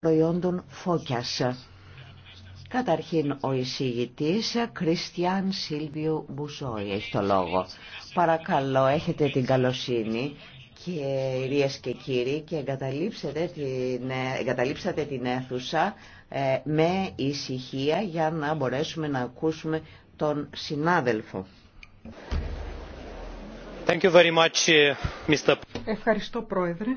προϊόντων φώκιας. Καταρχήν ο εισηγητής Κριστιαν Σίλβιου Μπουζόη έχει το λόγο. Παρακαλώ έχετε την καλοσύνη κυρίες και κύριοι και εγκαταλείψατε την, εγκαταλείψατε την αίθουσα ε, με ησυχία για να μπορέσουμε να ακούσουμε τον συνάδελφο. Thank you very much, ε, Mr. Ευχαριστώ πρόεδρε.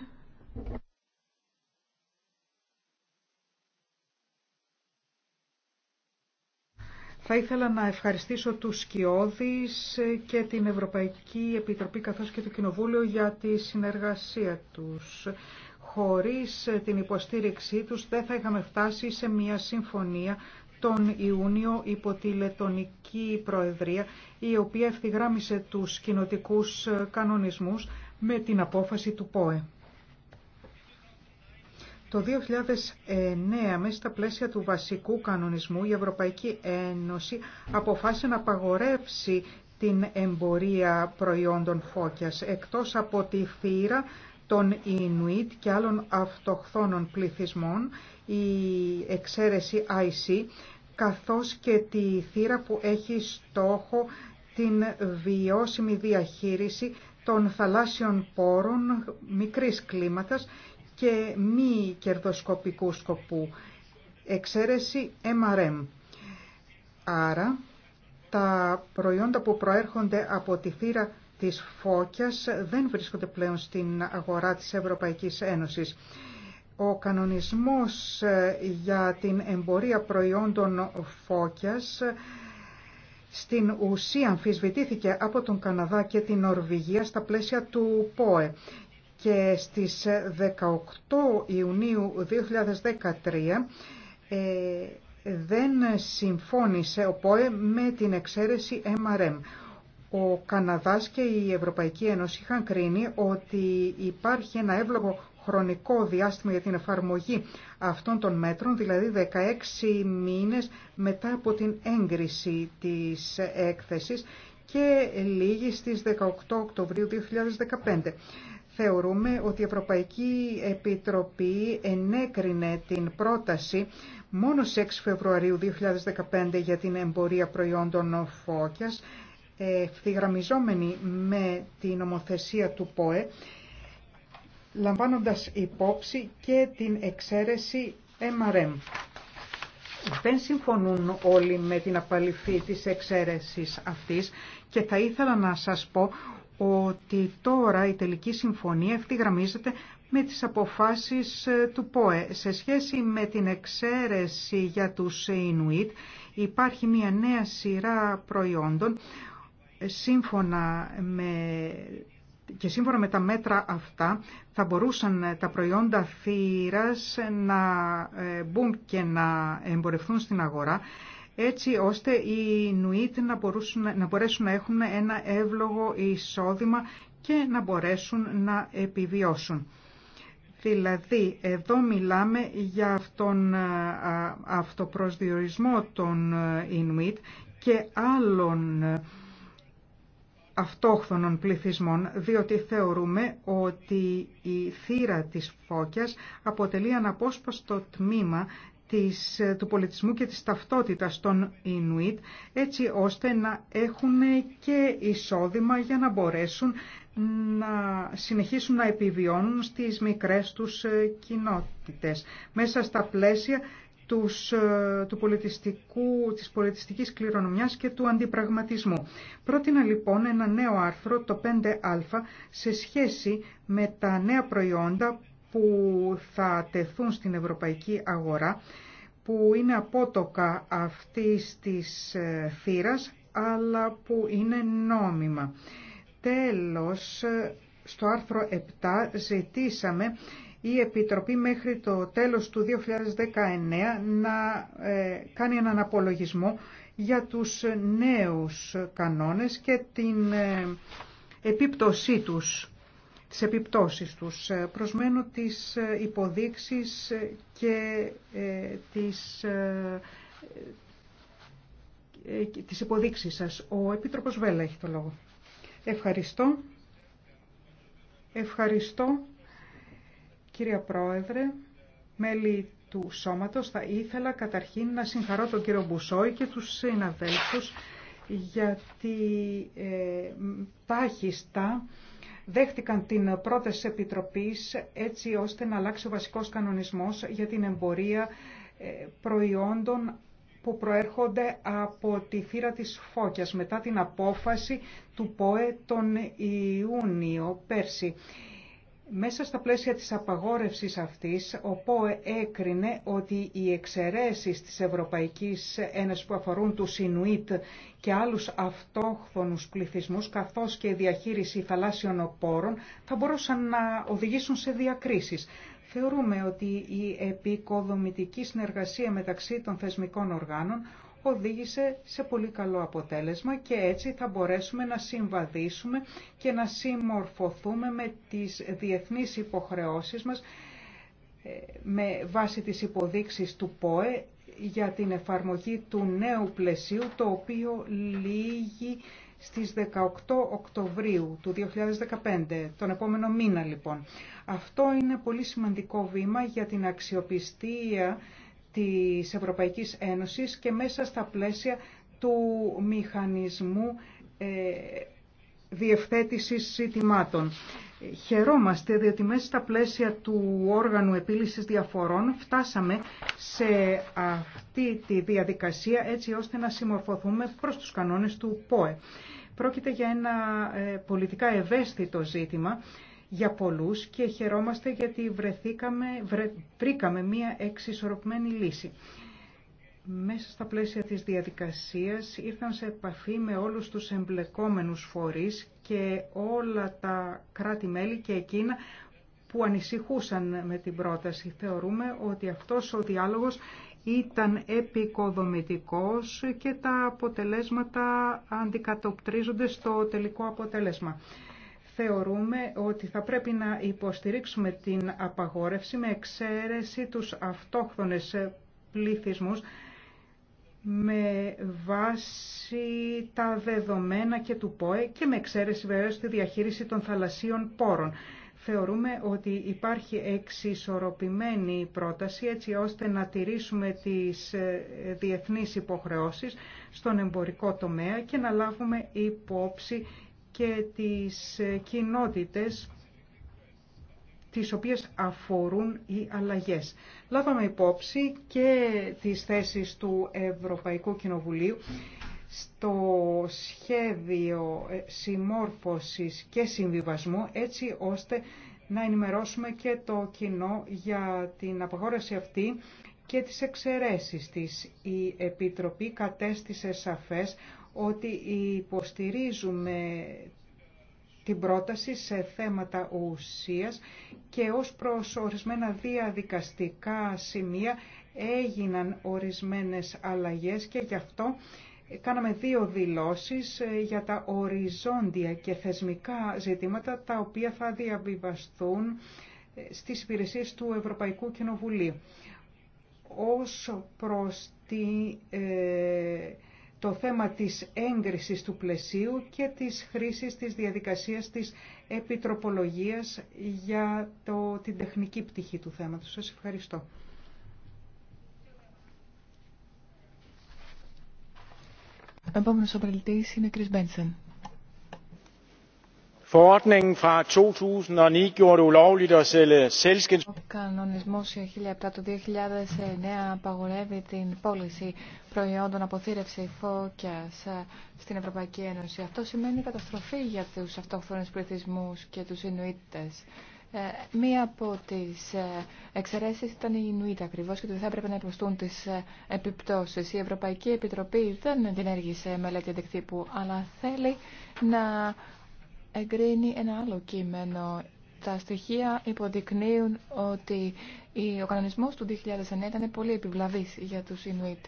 Θα ήθελα να ευχαριστήσω τους Σκιώδης και την Ευρωπαϊκή Επιτροπή καθώς και το Κοινοβούλιο για τη συνεργασία τους. Χωρίς την υποστήριξή τους δεν θα είχαμε φτάσει σε μια συμφωνία τον Ιούνιο υπό τη Λετωνική Προεδρία, η οποία ευθυγράμισε τους κοινοτικούς κανονισμούς με την απόφαση του ΠΟΕ. Το 2009, μέσα στα πλαίσια του βασικού κανονισμού, η Ευρωπαϊκή Ένωση αποφάσισε να απαγορεύσει την εμπορία προϊόντων φώκιας, εκτός από τη θύρα των Ινουίτ και άλλων αυτοχθόνων πληθυσμών, η εξαίρεση IC, καθώς και τη θύρα που έχει στόχο την βιώσιμη διαχείριση των θαλάσσιων πόρων μικρής κλίματας και μη κερδοσκοπικού σκοπού, εξαίρεση MRM. Άρα, τα προϊόντα που προέρχονται από τη θύρα της φώκιας δεν βρίσκονται πλέον στην αγορά της Ευρωπαϊκής Ένωσης. Ο κανονισμός ε, για την εμπορία προϊόντων φώκιας στην ουσία αμφισβητήθηκε από τον Καναδά και την Νορβηγία στα πλαίσια του ΠΟΕ και στις 18 Ιουνίου 2013 ε, δεν συμφώνησε ο ΠΟΕ με την εξαίρεση MRM. Ο Καναδάς και η Ευρωπαϊκή Ένωση είχαν κρίνει ότι υπάρχει ένα εύλογο χρονικό διάστημα για την εφαρμογή αυτών των μέτρων, δηλαδή 16 μήνες μετά από την έγκριση της έκθεσης και λίγη στις 18 Οκτωβρίου 2015 θεωρούμε ότι η Ευρωπαϊκή Επιτροπή ενέκρινε την πρόταση μόνο 6 Φεβρουαρίου 2015 για την εμπορία προϊόντων φώκιας, ευθυγραμμιζόμενη με την νομοθεσία του ΠΟΕ, λαμβάνοντας υπόψη και την εξαίρεση MRM. Δεν συμφωνούν όλοι με την απαλήφθη της εξαίρεσης αυτής και θα ήθελα να σας πω ότι τώρα η τελική συμφωνία ευθυγραμμίζεται με τις αποφάσεις ε, του ΠΟΕ. Σε σχέση με την εξαίρεση για τους Ινουίτ υπάρχει μια νέα σειρά προϊόντων σύμφωνα με... και σύμφωνα με τα μέτρα αυτά θα μπορούσαν τα προϊόντα θύρας να ε, μπουν και να εμπορευθούν στην αγορά έτσι ώστε οι Ινουίτ να, να μπορέσουν να έχουν ένα εύλογο εισόδημα και να μπορέσουν να επιβιώσουν. Δηλαδή, εδώ μιλάμε για αυτόν αυτοπροσδιορισμό των Ινουίτ και άλλων αυτόχθονων πληθυσμών, διότι θεωρούμε ότι η θύρα της φώκιας αποτελεί αναπόσπαστο τμήμα της, του πολιτισμού και της ταυτότητας των Ινουίτ, έτσι ώστε να έχουν και εισόδημα για να μπορέσουν να συνεχίσουν να επιβιώνουν στις μικρές τους ε, κοινότητες. Μέσα στα πλαίσια ε, του πολιτιστικού, της πολιτιστικής κληρονομιάς και του αντιπραγματισμού. Πρότεινα λοιπόν ένα νέο άρθρο, το 5α, σε σχέση με τα νέα προϊόντα που θα τεθούν στην ευρωπαϊκή αγορά που είναι απότοκα αυτής της ε, θύρας αλλά που είναι νόμιμα. Τέλος, ε, στο άρθρο 7 ζητήσαμε η Επιτροπή μέχρι το τέλος του 2019 να ε, κάνει έναν απολογισμό για τους νέους κανόνες και την επίπτωσή τους τις επιπτώσεις τους. Ε, προσμένω τις ε, υποδείξεις ε, και τις, τις υποδείξεις σας. Ο Επίτροπος Βέλα έχει το λόγο. Ευχαριστώ. Ευχαριστώ, κύριε Πρόεδρε, μέλη του Σώματος. Θα ήθελα καταρχήν να συγχαρώ τον κύριο Μπουσόη και τους συναδέλφους γιατί τάχιστα δέχτηκαν την πρόταση Επιτροπής έτσι ώστε να αλλάξει ο βασικός κανονισμός για την εμπορία ε, προϊόντων που προέρχονται από τη θύρα της Φώκιας μετά την απόφαση του ΠΟΕ τον Ιούνιο πέρσι. Μέσα στα πλαίσια της απαγόρευσης αυτής, ο ΠΟΕ έκρινε ότι οι εξαιρέσεις της Ευρωπαϊκής Ένωσης που αφορούν τους Ινουίτ και άλλους αυτόχθονους πληθυσμούς, καθώς και η διαχείριση θαλάσσιων οπόρων, θα μπορούσαν να οδηγήσουν σε διακρίσεις. Θεωρούμε ότι η επικοδομητική συνεργασία μεταξύ των θεσμικών οργάνων οδήγησε σε πολύ καλό αποτέλεσμα και έτσι θα μπορέσουμε να συμβαδίσουμε και να συμμορφωθούμε με τις διεθνείς υποχρεώσεις μας ε, με βάση τις υποδείξεις του ΠΟΕ για την εφαρμογή του νέου πλαισίου το οποίο λύγει στις 18 Οκτωβρίου του 2015, τον επόμενο μήνα λοιπόν. Αυτό είναι πολύ σημαντικό βήμα για την αξιοπιστία της Ευρωπαϊκής Ένωσης και μέσα στα πλαίσια του μηχανισμού ε, διευθέτησης ζητημάτων. Χαιρόμαστε διότι μέσα στα πλαίσια του όργανου επίλυσης διαφορών φτάσαμε σε αυτή τη διαδικασία έτσι ώστε να συμμορφωθούμε προς τους κανόνες του ΠΟΕ. Πρόκειται για ένα ε, πολιτικά ευαίσθητο ζήτημα για πολλούς και χαιρόμαστε γιατί βρεθήκαμε, βρήκαμε μία εξισορροπημένη λύση. Μέσα στα πλαίσια της διαδικασίας ήρθαν σε επαφή με όλους τους εμπλεκόμενους φορείς και όλα τα κράτη-μέλη και εκείνα που ανησυχούσαν με την πρόταση. Θεωρούμε ότι αυτός ο διάλογος ήταν επικοδομητικός και τα αποτελέσματα αντικατοπτρίζονται στο τελικό αποτέλεσμα θεωρούμε ότι θα πρέπει να υποστηρίξουμε την απαγόρευση με εξαίρεση τους αυτόχθονες πληθυσμούς με βάση τα δεδομένα και του ΠΟΕ και με εξαίρεση βέβαια στη διαχείριση των θαλασσίων πόρων. Θεωρούμε ότι υπάρχει εξισορροπημένη πρόταση έτσι ώστε να τηρήσουμε τις ε, διεθνείς υποχρεώσεις στον εμπορικό τομέα και να λάβουμε υπόψη και τις ε, κοινότητες τις οποίες αφορούν οι αλλαγές. Λάβαμε υπόψη και τις θέσεις του Ευρωπαϊκού Κοινοβουλίου στο σχέδιο ε, συμμόρφωσης και συμβιβασμού έτσι ώστε να ενημερώσουμε και το κοινό για την απαγόρευση αυτή και τις εξαιρέσεις της. Η Επιτροπή κατέστησε σαφές ότι υποστηρίζουμε την πρόταση σε θέματα ουσίας και ως προς ορισμένα διαδικαστικά σημεία έγιναν ορισμένες αλλαγές και γι' αυτό κάναμε δύο δηλώσεις ε, για τα οριζόντια και θεσμικά ζητήματα τα οποία θα διαβιβαστούν ε, στις υπηρεσίες του Ευρωπαϊκού Κοινοβουλίου. Ως προς τη, ε, το θέμα της έγκρισης του πλαισίου και της χρήσης της διαδικασίας της επιτροπολογίας για το, την τεχνική πτυχή του θέματος. Σας ευχαριστώ. Επόμενος είναι Κρις Forordningen fra 2009 gjorde det ulovligt at sælge selskabs... κανονισμός 1007 του 2009 απαγορεύει την πώληση προϊόντων αποθήρευση φώκιας στην Ευρωπαϊκή Ένωση. Αυτό σημαίνει καταστροφή για τους αυτόχθονες πληθυσμούς και τους Ινουίτες. Ε, μία από τις ε, εξαιρέσεις ήταν η Ινουίτ ακριβώς και ότι θα έπρεπε να υποστούν τις ε, επιπτώσεις. Η Ευρωπαϊκή Επιτροπή δεν ενέργησε μελέτη αντικτύπου, αλλά θέλει να εγκρίνει ένα άλλο κείμενο. Τα στοιχεία υποδεικνύουν ότι ο κανονισμός του 2009 ήταν πολύ επιβλαβής για τους Ινουίτ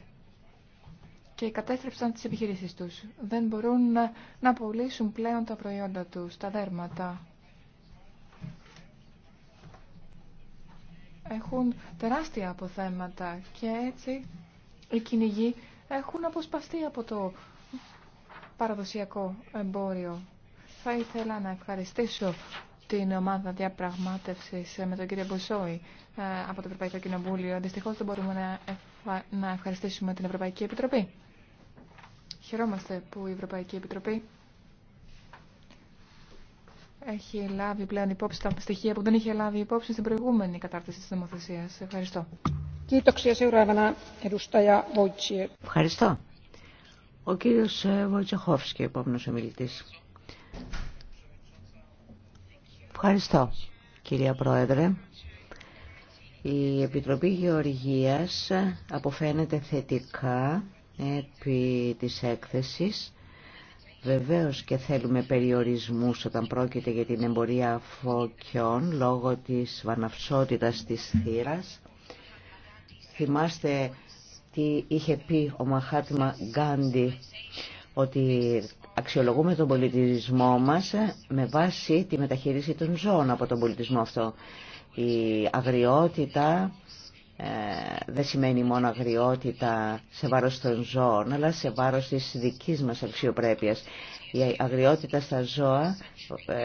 και κατέστρεψαν τις επιχειρήσεις τους. Δεν μπορούν να, να πουλήσουν πλέον τα προϊόντα τους, τα δέρματα. Έχουν τεράστια αποθέματα και έτσι οι κυνηγοί έχουν αποσπαστεί από το παραδοσιακό εμπόριο. Θα ήθελα να ευχαριστήσω την ομάδα διαπραγμάτευση με τον κύριο Μποσόη ε, από το Ευρωπαϊκό Κοινοβούλιο. Δυστυχώ δεν μπορούμε να ευχαριστήσουμε την Ευρωπαϊκή Επιτροπή. Χαιρόμαστε που η Ευρωπαϊκή Επιτροπή έχει λάβει πλέον υπόψη τα στοιχεία που δεν είχε λάβει υπόψη στην προηγούμενη κατάρτιση της νομοθεσία. Ευχαριστώ. Ευχαριστώ. Ο κύριος ε, Βοητσεχόφσκι, επόμενος ομιλητής. Ευχαριστώ, κυρία Πρόεδρε. Η Επιτροπή Γεωργίας αποφαίνεται θετικά επί της έκθεσης. Βεβαίως και θέλουμε περιορισμούς όταν πρόκειται για την εμπορία φωκιών λόγω της βαναυσότητας της θύρας. Θυμάστε τι είχε πει ο Μαχάτμα Γκάντι ότι αξιολογούμε τον πολιτισμό μας με βάση τη μεταχείριση των ζώων από τον πολιτισμό αυτό. Η αγριότητα ε, δεν σημαίνει μόνο αγριότητα σε βάρος των ζώων, αλλά σε βάρος της δικής μας αξιοπρέπειας. Η αγριότητα στα ζώα ε,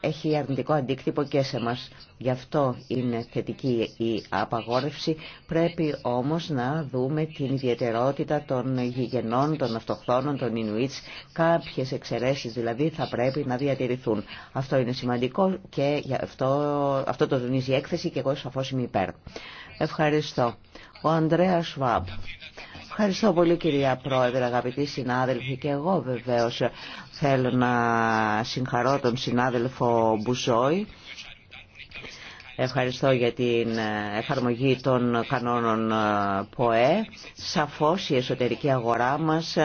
έχει αρνητικό αντίκτυπο και σε μας. Γι' αυτό είναι θετική η απαγόρευση. Πρέπει όμως να δούμε την ιδιαιτερότητα των γηγενών, των αυτοχθόνων, των Ινουίτς. Κάποιες εξαιρέσεις δηλαδή θα πρέπει να διατηρηθούν. Αυτό είναι σημαντικό και αυτό, το δονίζει η έκθεση και εγώ σαφώς είμαι υπέρ. Ευχαριστώ. Ο Ανδρέας Ευχαριστώ πολύ κυρία Πρόεδρε, αγαπητοί συνάδελφοι και εγώ βεβαίως θέλω να συγχαρώ τον συνάδελφο Μπουζόη. Ευχαριστώ για την εφαρμογή των κανόνων ΠΟΕ. Σαφώς η εσωτερική αγορά μας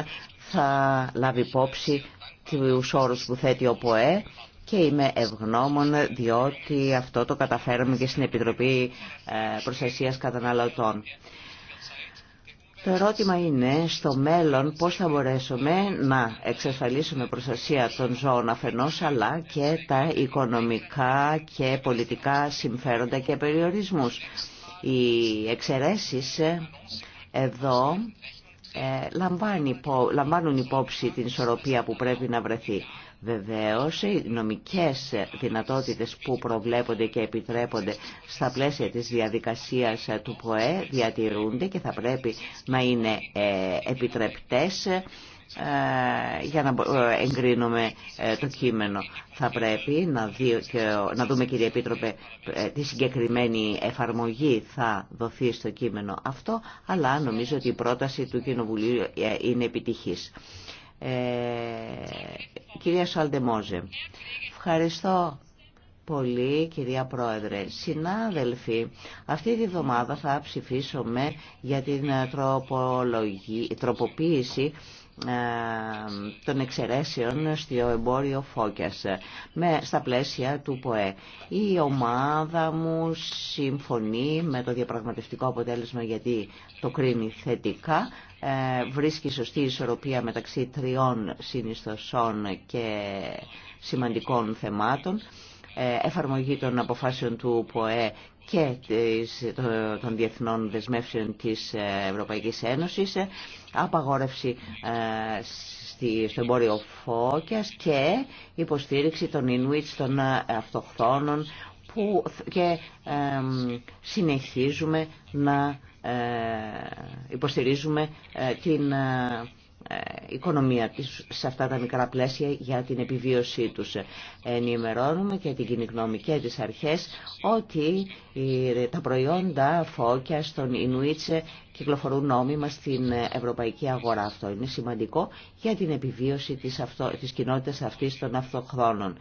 θα λάβει υπόψη του όρους που θέτει ο ΠΟΕ και είμαι ευγνώμων διότι αυτό το καταφέραμε και στην Επιτροπή ε, Προστασίας Καταναλωτών. Το ερώτημα είναι στο μέλλον πώς θα μπορέσουμε να εξασφαλίσουμε προστασία των ζώων αφενός αλλά και τα οικονομικά και πολιτικά συμφέροντα και περιορισμούς. Οι εξαιρέσεις ε, εδώ ε, λαμβάνουν υπόψη την ισορροπία που πρέπει να βρεθεί. Βεβαίως, οι νομικές δυνατότητες που προβλέπονται και επιτρέπονται στα πλαίσια της διαδικασίας του ΠΟΕ διατηρούνται και θα πρέπει να είναι ε, επιτρεπτές ε, για να ε, εγκρίνουμε το κείμενο. Θα πρέπει να, να δούμε, κύριε Επίτροπε, τη συγκεκριμένη εφαρμογή θα δοθεί στο κείμενο αυτό, αλλά νομίζω ότι η πρόταση του Κοινοβουλίου είναι επιτυχής. Ε, κυρία Σαλντεμόζε. Ευχαριστώ πολύ κυρία Πρόεδρε. Συνάδελφοι, αυτή τη βδομάδα θα ψηφίσουμε για την ε, τροποποίηση ε, των εξαιρέσεων στο εμπόριο Φώκιας με, στα πλαίσια του ΠΟΕ. Η ομάδα μου συμφωνεί με το διαπραγματευτικό αποτέλεσμα γιατί το κρίνει θετικά ε, βρίσκει σωστή ισορροπία μεταξύ τριών συνιστοσών και σημαντικών θεμάτων, ε, εφαρμογή των αποφάσεων του ΠΟΕ και των διεθνών δεσμεύσεων της ε, Ευρωπαϊκής Ένωσης, απαγόρευση στο εμπόριο φώκιας και υποστήριξη των Ινουίτς των αυτοχθόνων που και συνεχίζουμε να ε, υποστηρίζουμε ε, την ε, οικονομία της σε αυτά τα μικρά πλαίσια για την επιβίωσή τους. Ενημερώνουμε και την κοινή γνώμη και τις αρχές ότι τα προϊόντα φώκια στον Ινουίτσε κυκλοφορούν νόμιμα στην ευρωπαϊκή αγορά. Αυτό είναι σημαντικό για την επιβίωση της, αυτο, της κοινότητας αυτής των αυτοχρόνων.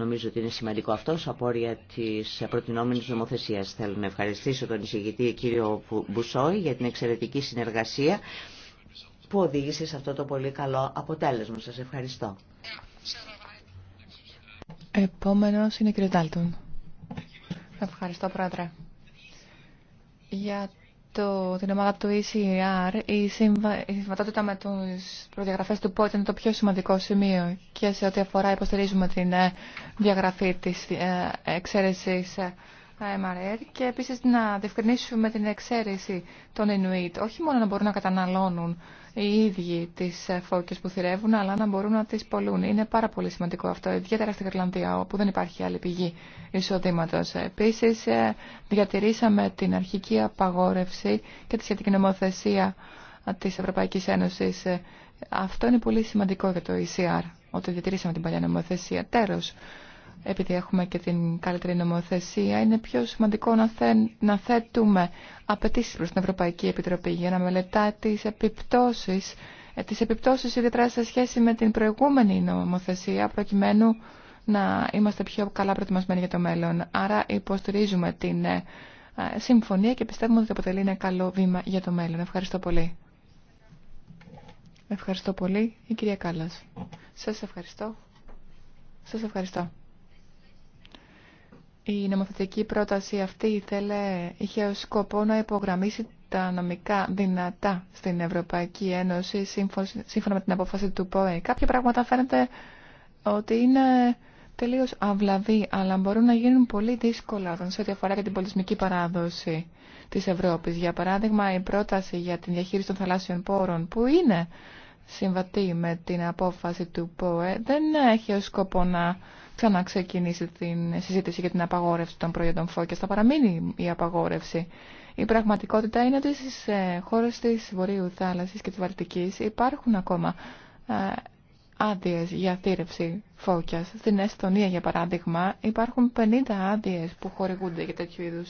Νομίζω ότι είναι σημαντικό αυτό από τη προτινόμενη νομοθεσία. Θέλω να ευχαριστήσω τον εισηγητή κύριο Μπουσόη για την εξαιρετική συνεργασία που οδήγησε σε αυτό το πολύ καλό αποτέλεσμα. Σα ευχαριστώ. Επόμενος είναι ο Ευχαριστώ, Πρόεδρε. Για το, την ομάδα του ECR, η, συμβα, η συμβατότητα με τους προδιαγραφέ του πότε είναι το πιο σημαντικό σημείο και σε ό,τι αφορά υποστηρίζουμε την ε, διαγραφή της ε, εξαίρεσης ε, MRR και επίσης να διευκρινίσουμε την εξαίρεση των Inuit. Όχι μόνο να μπορούν να καταναλώνουν οι ίδιοι τις φώκες που θηρεύουν, αλλά να μπορούν να τις πολλούν. Είναι πάρα πολύ σημαντικό αυτό, ιδιαίτερα στην Γερλανδία, όπου δεν υπάρχει άλλη πηγή εισοδήματος. Επίσης, ε, διατηρήσαμε την αρχική απαγόρευση και τη σχετική νομοθεσία της Ευρωπαϊκής Ένωσης. Ε, αυτό είναι πολύ σημαντικό για το ECR, ότι διατηρήσαμε την παλιά νομοθεσία. Τέρος, επειδή έχουμε και την καλύτερη νομοθεσία, είναι πιο σημαντικό να, θε, να θέτουμε απαιτήσει προς την Ευρωπαϊκή Επιτροπή για να μελετά τις επιπτώσεις, ε, τις επιπτώσεις ιδιαίτερα σε σχέση με την προηγούμενη νομοθεσία, προκειμένου να είμαστε πιο καλά προετοιμασμένοι για το μέλλον. Άρα υποστηρίζουμε την ε, συμφωνία και πιστεύουμε ότι αποτελεί ένα καλό βήμα για το μέλλον. Ευχαριστώ πολύ. Ευχαριστώ πολύ, η κυρία Κάλλας. Σας ευχαριστώ. Σας ευχαριστώ. Η νομοθετική πρόταση αυτή ήθελε, είχε ως σκοπό να υπογραμμίσει τα νομικά δυνατά στην Ευρωπαϊκή Ένωση σύμφωνα με την απόφαση του ΠΟΕ. Κάποια πράγματα φαίνεται ότι είναι τελείως αυλαβή, αλλά μπορούν να γίνουν πολύ δύσκολα όταν σε ό,τι αφορά και την πολιτισμική παράδοση της Ευρώπης. Για παράδειγμα, η πρόταση για την διαχείριση των θαλάσσιων πόρων, που είναι συμβατή με την απόφαση του ΠΟΕ, δεν έχει ως σκοπό να ξαναξεκινήσει την συζήτηση για την απαγόρευση των προϊόντων φώκια. Θα παραμείνει η απαγόρευση. Η πραγματικότητα είναι ότι στις ε, χώρες της Βορείου Θάλασσης και της Βαλτική υπάρχουν ακόμα ε, άδειε για θύρευση φώκια. Στην Εστονία, για παράδειγμα, υπάρχουν 50 άδειε που χορηγούνται για τέτοιου είδου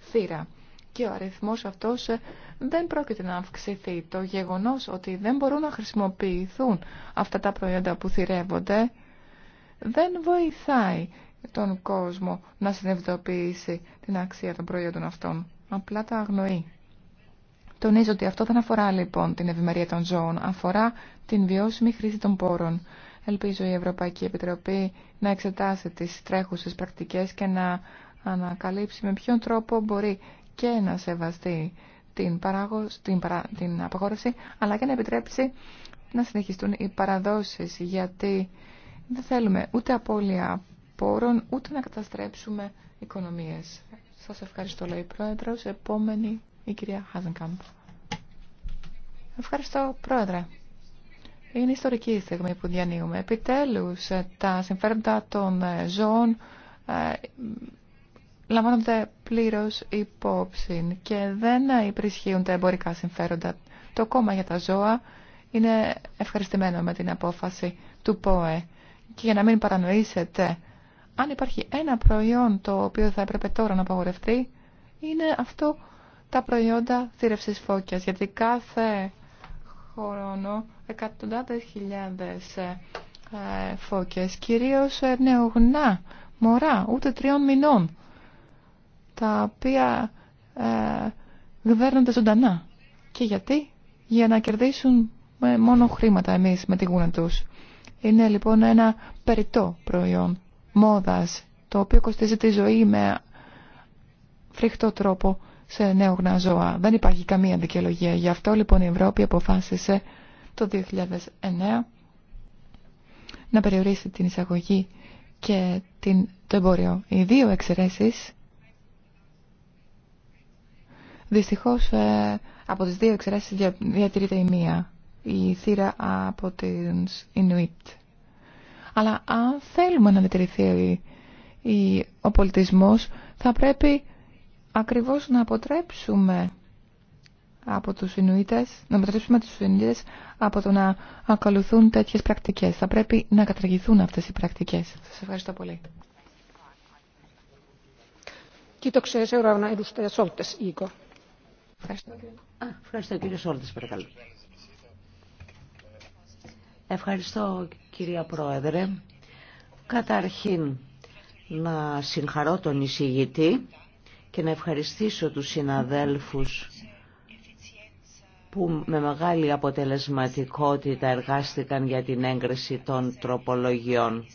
θύρα. Και ο αριθμό αυτό ε, δεν πρόκειται να αυξηθεί. Το γεγονό ότι δεν μπορούν να χρησιμοποιηθούν αυτά τα προϊόντα που θυρεύονται δεν βοηθάει τον κόσμο να συνειδητοποιήσει την αξία των προϊόντων αυτών. Απλά τα αγνοεί. Τονίζω ότι αυτό δεν αφορά λοιπόν την ευημερία των ζώων, αφορά την βιώσιμη χρήση των πόρων. Ελπίζω η Ευρωπαϊκή Επιτροπή να εξετάσει τις τρέχουσες πρακτικές και να ανακαλύψει με ποιον τρόπο μπορεί και να σεβαστεί την, την, την απαγόρευση, αλλά και να επιτρέψει να συνεχιστούν οι παραδόσεις, γιατί δεν θέλουμε ούτε απώλεια πόρων, ούτε να καταστρέψουμε οικονομίες. Σας ευχαριστώ, λέει Πρόεδρος. Επόμενη, η κυρία Χάζενκαμπ. Ευχαριστώ, Πρόεδρε. Είναι ιστορική η στιγμή που διανύουμε. Επιτέλους, τα συμφέροντα των ζώων ε, λαμβάνονται πλήρως υπόψη και δεν υπρισχύουν τα εμπορικά συμφέροντα. Το κόμμα για τα ζώα είναι ευχαριστημένο με την απόφαση του ΠΟΕ και για να μην παρανοήσετε, αν υπάρχει ένα προϊόν το οποίο θα έπρεπε τώρα να απαγορευτεί, είναι αυτό τα προϊόντα θύρευσης φώκιας. Γιατί κάθε χρόνο εκατοντάδες χιλιάδες ε, φώκες, κυρίως ε, νεογνά, μωρά, ούτε τριών μηνών, τα οποία ε, γδέρνονται ζωντανά. Και γιατί? Για να κερδίσουν ε, μόνο χρήματα εμείς με τη γούνα τους. Είναι λοιπόν ένα περιττό προϊόν μόδας, το οποίο κοστίζει τη ζωή με φρικτό τρόπο σε νέο ζώα. Δεν υπάρχει καμία δικαιολογία. Γι' αυτό λοιπόν η Ευρώπη αποφάσισε το 2009 να περιορίσει την εισαγωγή και την, το εμπόριο. Οι δύο εξαιρεσει. δυστυχώς ε, από τις δύο εξαιρέσεις διατηρείται η μία η θύρα από την Ινουίτ. Αλλά αν θέλουμε να διατηρηθεί ο πολιτισμός θα πρέπει ακριβώς να αποτρέψουμε από τους Ινουίτες, να αποτρέψουμε τους Ινουίτες από το να ακολουθούν τέτοιες πρακτικές. Θα πρέπει να καταργηθούν αυτές οι πρακτικές. Σας ευχαριστώ πολύ. Ευχαριστώ. Ευχαριστώ κύριε Σόλτες, Ευχαριστώ κυρία Πρόεδρε. Καταρχήν να συγχαρώ τον εισηγητή και να ευχαριστήσω τους συναδέλφους που με μεγάλη αποτελεσματικότητα εργάστηκαν για την έγκριση των τροπολογιών.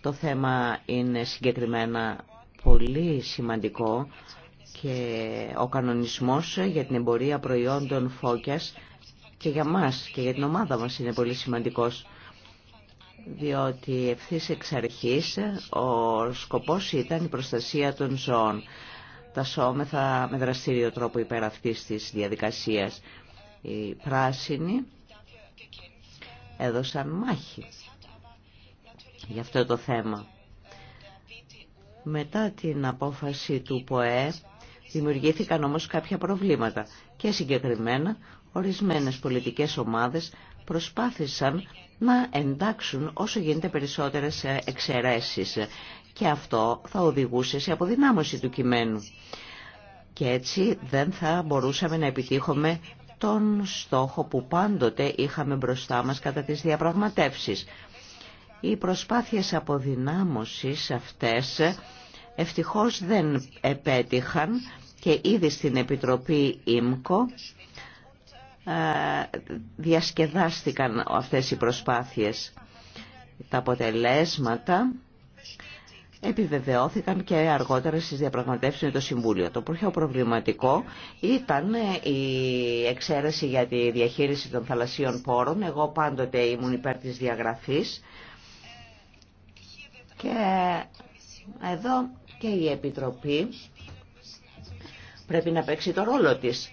Το θέμα είναι συγκεκριμένα πολύ σημαντικό και ο κανονισμός για την εμπορία προϊόντων φώκιας και για μας και για την ομάδα μας είναι πολύ σημαντικός διότι ευθύς εξ αρχής ο σκοπός ήταν η προστασία των ζώων. Τα σώμεθα με δραστήριο τρόπο υπέρ αυτής της διαδικασίας. Οι πράσινοι έδωσαν μάχη για αυτό το θέμα. Μετά την απόφαση του ΠΟΕ δημιουργήθηκαν όμως κάποια προβλήματα και συγκεκριμένα ορισμένες πολιτικές ομάδες προσπάθησαν να εντάξουν όσο γίνεται περισσότερες ε, εξαιρέσεις και αυτό θα οδηγούσε σε αποδυνάμωση του κειμένου. Και έτσι δεν θα μπορούσαμε να επιτύχουμε τον στόχο που πάντοτε είχαμε μπροστά μας κατά τις διαπραγματεύσεις. Οι προσπάθειες αποδυνάμωσης αυτές ε, ευτυχώς δεν επέτυχαν και ήδη στην Επιτροπή ΙΜΚΟ ε, διασκεδάστηκαν αυτές οι προσπάθειες. Τα αποτελέσματα επιβεβαιώθηκαν και αργότερα στις διαπραγματεύσεις με το Συμβούλιο. Το πρώτο προβληματικό ήταν η εξαίρεση για τη διαχείριση των θαλασσίων πόρων. Εγώ πάντοτε ήμουν υπέρ της διαγραφής και εδώ και η Επιτροπή πρέπει να παίξει το ρόλο της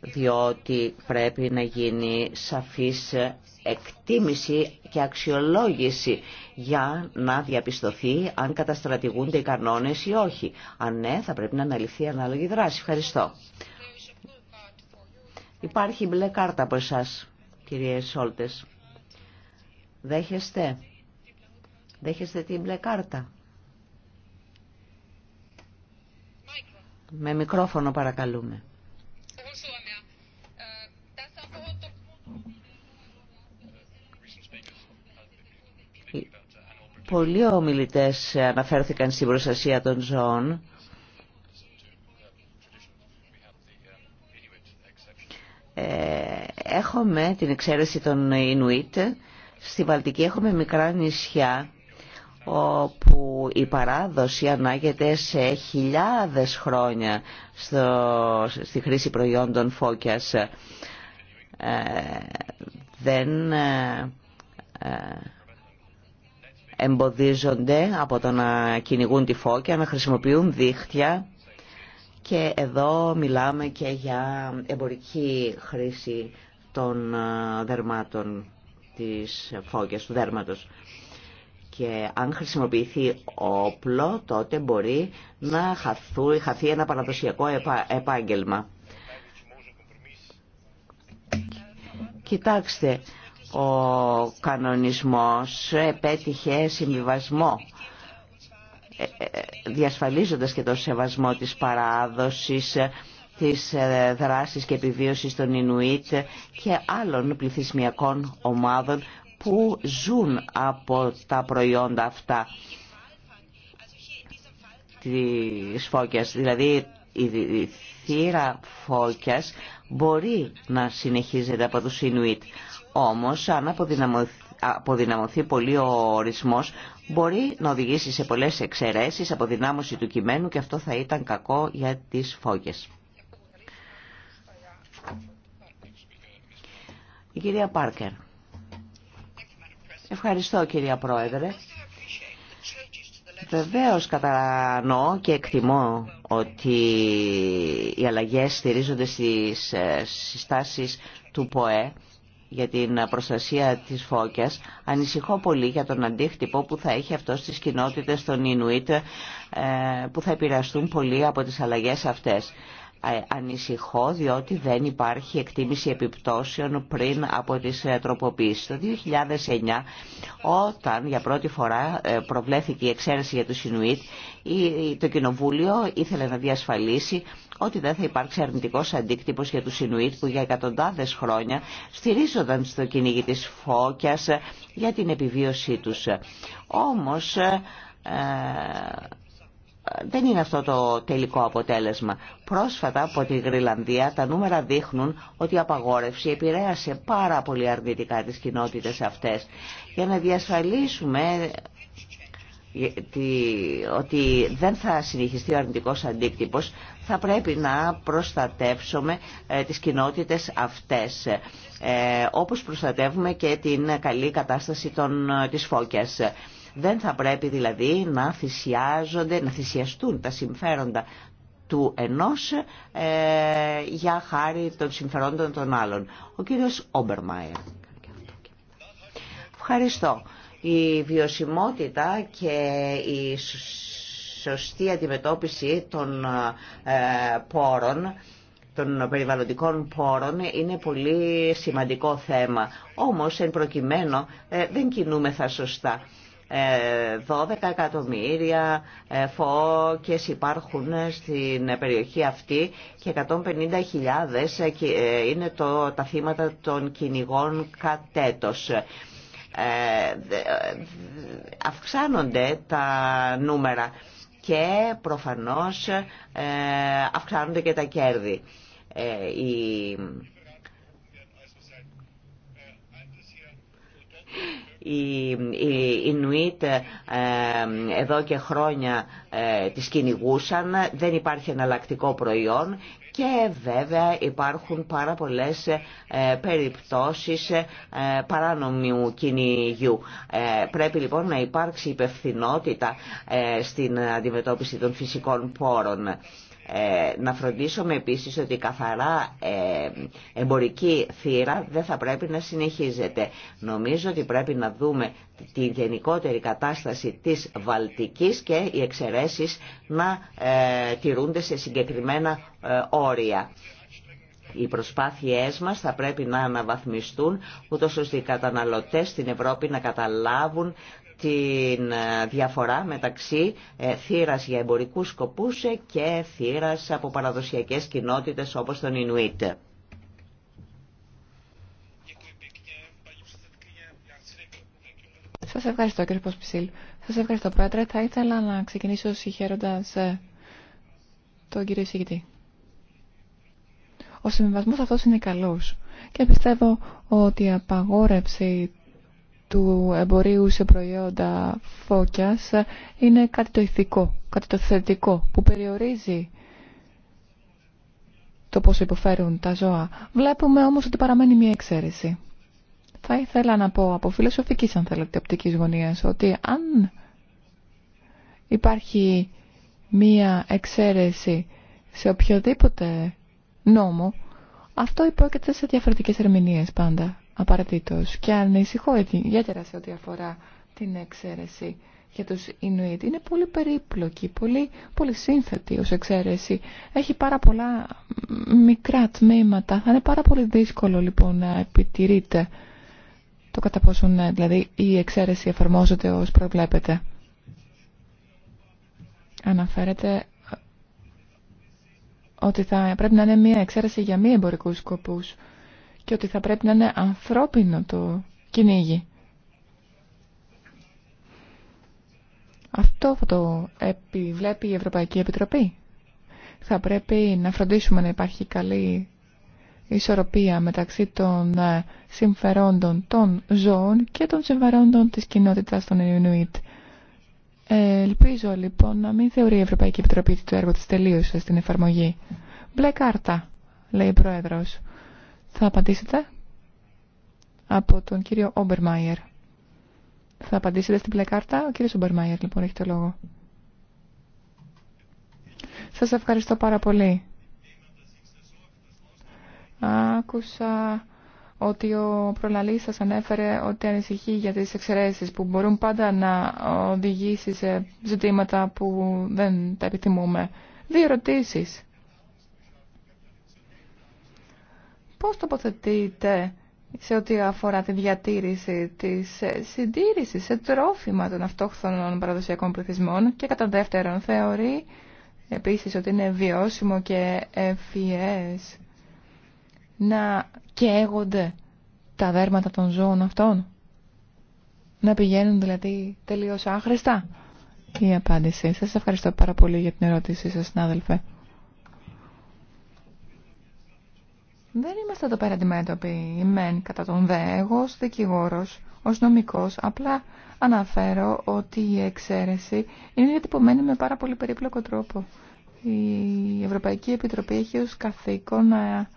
διότι πρέπει να γίνει σαφής εκτίμηση και αξιολόγηση για να διαπιστωθεί αν καταστρατηγούνται οι κανόνες ή όχι. Αν ναι, θα πρέπει να αναλυθεί ανάλογη δράση. Ευχαριστώ. Υπάρχει μπλε κάρτα από εσάς, κυρίες Σόλτες. Δέχεστε. Δέχεστε την μπλε κάρτα. Με μικρόφωνο παρακαλούμε. Πολλοί ομιλητές αναφέρθηκαν στην προστασία των ζώων. Ε, έχουμε την εξαίρεση των Ινουίτ. Στη Βαλτική έχουμε μικρά νησιά όπου η παράδοση ανάγεται σε χιλιάδες χρόνια στη χρήση προϊόντων φώκιας. Ε, δεν... Ε, εμποδίζονται από το να κυνηγούν τη φώκια, να χρησιμοποιούν δίχτυα και εδώ μιλάμε και για εμπορική χρήση των δερμάτων της φώκιας, του δέρματος. Και αν χρησιμοποιηθεί όπλο, τότε μπορεί να χαθού, χαθεί ένα παραδοσιακό επάγγελμα. Κοιτάξτε, ο κανονισμός επέτυχε συμβιβασμό ε, ε, διασφαλίζοντας και το σεβασμό της παράδοσης της ε, δράσης και επιβίωσης των Ινουίτ και άλλων πληθυσμιακών ομάδων που ζουν από τα προϊόντα αυτά της φώκιας. Δηλαδή η θύρα φώκιας μπορεί να συνεχίζεται από τους Ινουίτ. Όμως αν αποδυναμωθεί, πολύ ο ορισμός μπορεί να οδηγήσει σε πολλές εξαιρέσεις, αποδυνάμωση του κειμένου και αυτό θα ήταν κακό για τις φόγες. Η κυρία Πάρκερ. Ευχαριστώ κυρία Πρόεδρε. Βεβαίως κατανοώ και εκτιμώ ότι οι αλλαγές στηρίζονται στις ε, συστάσεις του ΠΟΕ για την προστασία της φώκιας, ανησυχώ πολύ για τον αντίχτυπο που θα έχει αυτό στις κοινότητες των Ινουίτ ε, που θα επηρεαστούν πολύ από τις αλλαγές αυτές. Ε, ανησυχώ διότι δεν υπάρχει εκτίμηση επιπτώσεων πριν από τις ε, τροποποίησεις. Το 2009 όταν για πρώτη φορά ε, προβλέθηκε η εξαίρεση για τους Σινουίτ το Κοινοβούλιο ήθελε να διασφαλίσει ότι δεν θα υπάρξει αρνητικός αντίκτυπος για τους Ινουίτ που για εκατοντάδες χρόνια στηρίζονταν στο κυνήγι της φώκιας για την επιβίωσή τους. Όμως δεν είναι αυτό το τελικό αποτέλεσμα. Πρόσφατα από τη Γρυλανδία τα νούμερα δείχνουν ότι η απαγόρευση επηρέασε πάρα πολύ αρνητικά τις κοινότητες αυτές. Για να διασφαλίσουμε ε, ότι δεν θα συνεχιστεί ο αρνητικός αντίκτυπος θα πρέπει να προστατεύσουμε ε, τις κοινότητες αυτές ε, όπως προστατεύουμε και την καλή κατάσταση των, της φώκιας. Δεν θα πρέπει δηλαδή να θυσιάζονται, να θυσιαστούν τα συμφέροντα του ενός ε, για χάρη των συμφερόντων των άλλων. Ο κύριος Όμπερμαϊερ. Ευχαριστώ. Η βιωσιμότητα και η σωστή αντιμετώπιση των ε, πόρων των περιβαλλοντικών πόρων είναι πολύ σημαντικό θέμα. Όμως, εν προκειμένου, ε, δεν κινούμεθα σωστά. 12 ε, εκατομμύρια ε, φώκες υπάρχουν ε, στην περιοχή αυτή και 150.000 είναι το, τα θύματα των κυνηγών κατέτος. αυξάνονται τα νούμερα και προφανώς αυξάνονται και τα κέρδη. οι, νουίτ ε, εδώ και χρόνια ε, τις κυνηγούσαν, δεν υπάρχει εναλλακτικό προϊόν και βέβαια υπάρχουν πάρα πολλές ε, περιπτώσεις παράνομιου κυνηγιού. Πρέπει λοιπόν να υπάρξει υπευθυνότητα στην αντιμετώπιση των φυσικών πόρων. Ε, να φροντίσουμε επίσης ότι η καθαρά ε, εμπορική θύρα δεν θα πρέπει να συνεχίζεται. Νομίζω ότι πρέπει να δούμε τη γενικότερη κατάσταση της Βαλτικής και οι εξαιρέσεις να ε, τηρούνται σε συγκεκριμένα όρια. Οι προσπάθειές μας θα πρέπει να αναβαθμιστούν ούτως ώστε οι καταναλωτές στην Ευρώπη να καταλάβουν την ε, διαφορά μεταξύ ε, θύρας για εμπορικούς σκοπούς ε, και θύρας από παραδοσιακές κοινότητες όπως τον Ινουίτ. Σας ευχαριστώ κύριε Ποσπισίλ. Σας ευχαριστώ πρόεδρε. Θα ήθελα να ξεκινήσω συγχαίροντας τον κύριο εισηγητή. Ο συμβιβασμός αυτός είναι καλός και πιστεύω ότι η απαγόρευση του εμπορίου σε προϊόντα φώκιας είναι κάτι το ηθικό, κάτι το θετικό που περιορίζει το πόσο υποφέρουν τα ζώα. Βλέπουμε όμως ότι παραμένει μια εξαίρεση. Θα ήθελα να πω από φιλοσοφική, αν θέλετε οπτικής γωνίας ότι αν υπάρχει μία εξαίρεση σε οποιοδήποτε νόμο, αυτό υπόκειται σε διαφορετικές ερμηνείες πάντα απαραίτητος. Και ανησυχώ ιδιαίτερα σε ό,τι αφορά την εξαίρεση για τους Ινουίτ. Είναι πολύ περίπλοκη, πολύ, πολύ σύνθετη ως εξαίρεση. Έχει πάρα πολλά μικρά τμήματα. Θα είναι πάρα πολύ δύσκολο λοιπόν να επιτηρείται το κατά πόσον ε, δηλαδή, η εξαίρεση εφαρμόζεται ως προβλέπεται. Αναφέρεται ε, ότι θα πρέπει να είναι μια εξαίρεση για μη εμπορικούς σκοπούς και ότι θα πρέπει να είναι ανθρώπινο το κυνήγι. Αυτό θα το επιβλέπει η Ευρωπαϊκή Επιτροπή. Θα πρέπει να φροντίσουμε να υπάρχει καλή ισορροπία μεταξύ των ε, συμφερόντων των ζώων και των συμφερόντων της κοινότητας των Ινουίτ. ελπίζω λοιπόν να μην θεωρεί η Ευρωπαϊκή Επιτροπή ότι το έργο της τελείωσε στην εφαρμογή. Μπλε κάρτα, λέει η Πρόεδρος. Θα απαντήσετε από τον κύριο Όμπερμαϊερ. Θα απαντήσετε στην πλεκάρτα. Ο κύριος Όμπερμαϊερ λοιπόν έχει το λόγο. Σας ευχαριστώ πάρα πολύ. Άκουσα ότι ο προλαλής σας ανέφερε ότι ανησυχεί για τις εξαιρέσεις που μπορούν πάντα να οδηγήσει σε ζητήματα που δεν τα επιθυμούμε. Δύο Πώς τοποθετείτε σε ό,τι αφορά τη διατήρηση της ε, συντήρησης σε τρόφιμα των αυτόχθονων παραδοσιακών πληθυσμών και κατά δεύτερον θεωρεί επίσης ότι είναι βιώσιμο και ευφυές να καίγονται τα δέρματα των ζώων αυτών. Να πηγαίνουν δηλαδή τελείως άχρηστα. Η απάντηση. Σας ευχαριστώ πάρα πολύ για την ερώτησή σας, συνάδελφε. Δεν είμαστε εδώ πέρα αντιμέτωποι μεν κατά τον δε. Εγώ ως δικηγόρος, ως νομικός, απλά αναφέρω ότι η εξαίρεση είναι διατυπωμένη με πάρα πολύ περίπλοκο τρόπο. Η Ευρωπαϊκή Επιτροπή έχει ως καθήκον να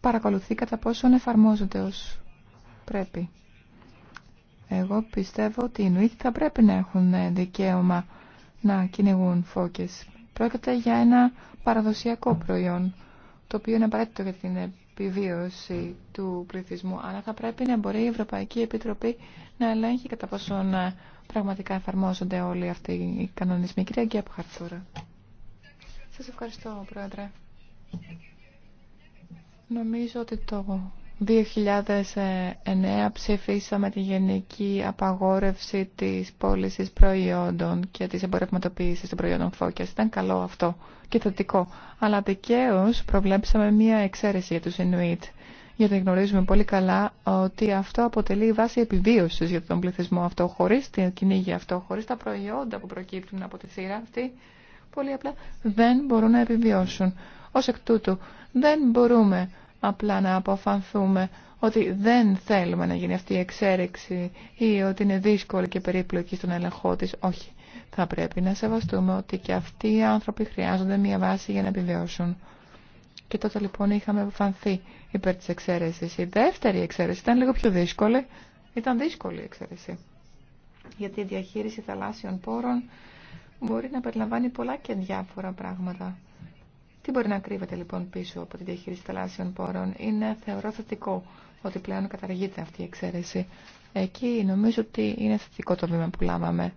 παρακολουθεί κατά πόσον εφαρμόζεται ως πρέπει. Εγώ πιστεύω ότι οι Ινουίτ θα πρέπει να έχουν δικαίωμα να κυνηγούν φώκες. Πρόκειται για ένα παραδοσιακό προϊόν, το οποίο είναι απαραίτητο για την επιβίωση του πληθυσμού, αλλά θα πρέπει να μπορεί η Ευρωπαϊκή Επιτροπή να ελέγχει κατά πόσον ε, πραγματικά εφαρμόζονται όλοι αυτοί οι κανονισμοί. Κυρία Γκέπχαρτ τώρα. Σας ευχαριστώ, Πρόεδρε. Νομίζω ότι το 2009 ψηφίσαμε τη γενική απαγόρευση της πώληση προϊόντων και της εμπορευματοποίησης των προϊόντων φώκιας. Ήταν καλό αυτό και θετικό. Αλλά δικαίω προβλέψαμε μία εξαίρεση για τους Ινουίτ. Γιατί γνωρίζουμε πολύ καλά ότι αυτό αποτελεί βάση επιβίωσης για τον πληθυσμό αυτό, χωρίς την κυνήγη αυτό, χωρίς τα προϊόντα που προκύπτουν από τη θύρα αυτή, πολύ απλά δεν μπορούν να επιβιώσουν. Ως εκ τούτου δεν μπορούμε απλά να αποφανθούμε ότι δεν θέλουμε να γίνει αυτή η εξέρεξη ή ότι είναι δύσκολη και περίπλοκη στον έλεγχό της. Όχι. Θα πρέπει να σεβαστούμε ότι και αυτοί οι άνθρωποι χρειάζονται μια βάση για να επιβιώσουν. Και τότε λοιπόν είχαμε αποφανθεί υπέρ της εξαίρεσης. Η δεύτερη εξαίρεση ήταν λίγο πιο δύσκολη. Ήταν δύσκολη η εξαίρεση. Γιατί η διαχείριση θαλάσσιων πόρων μπορεί να περιλαμβάνει πολλά και διάφορα πράγματα. Τι μπορεί να κρύβεται λοιπόν πίσω από τη διαχείριση θαλάσσιων πόρων. Είναι θεωρώ θετικό ότι πλέον καταργείται αυτή η εξαίρεση. Εκεί νομίζω ότι είναι θετικό το βήμα που λάβαμε